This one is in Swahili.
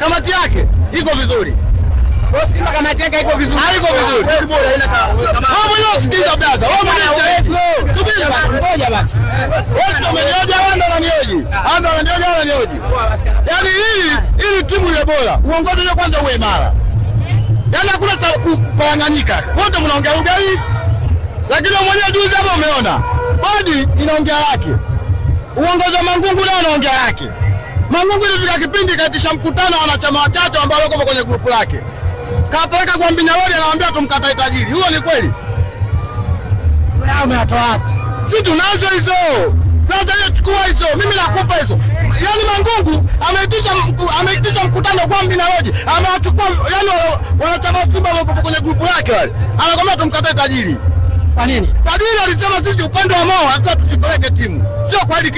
kamati yake iko vizuri. Yaani hii ili timu ile bora. Uongozi kwanza uwe imara. Yaani hakuna kupanganyika. Wote mnaongea lugha hii. Lakini mwenyewe juzi umeona. Bodi inaongea yake. Uongozi wa Mangungu nao unaongea yake. Mangungu ilifika kipindi kaitisha mkutano wa wanachama wachache ambao wako kwenye grupu lake, kapeleka kwa mbinya lori, anamwambia tumkatae tajiri. Huyo ni kweli? Umeyatoa wapi? Si tunazo hizo lazima chukua hizo, mimi nakupa hizo. Yaani Mangungu ameitisha ameitisha mkutano kwa Mbinaloji, amewachukua yani wanachama Simba wako kwenye grupu lake wale, anakwambia tumkatae tajiri. Kwa nini? Tajiri alisema sisi upande wa Mo hata tusipeleke timu, sio kweli.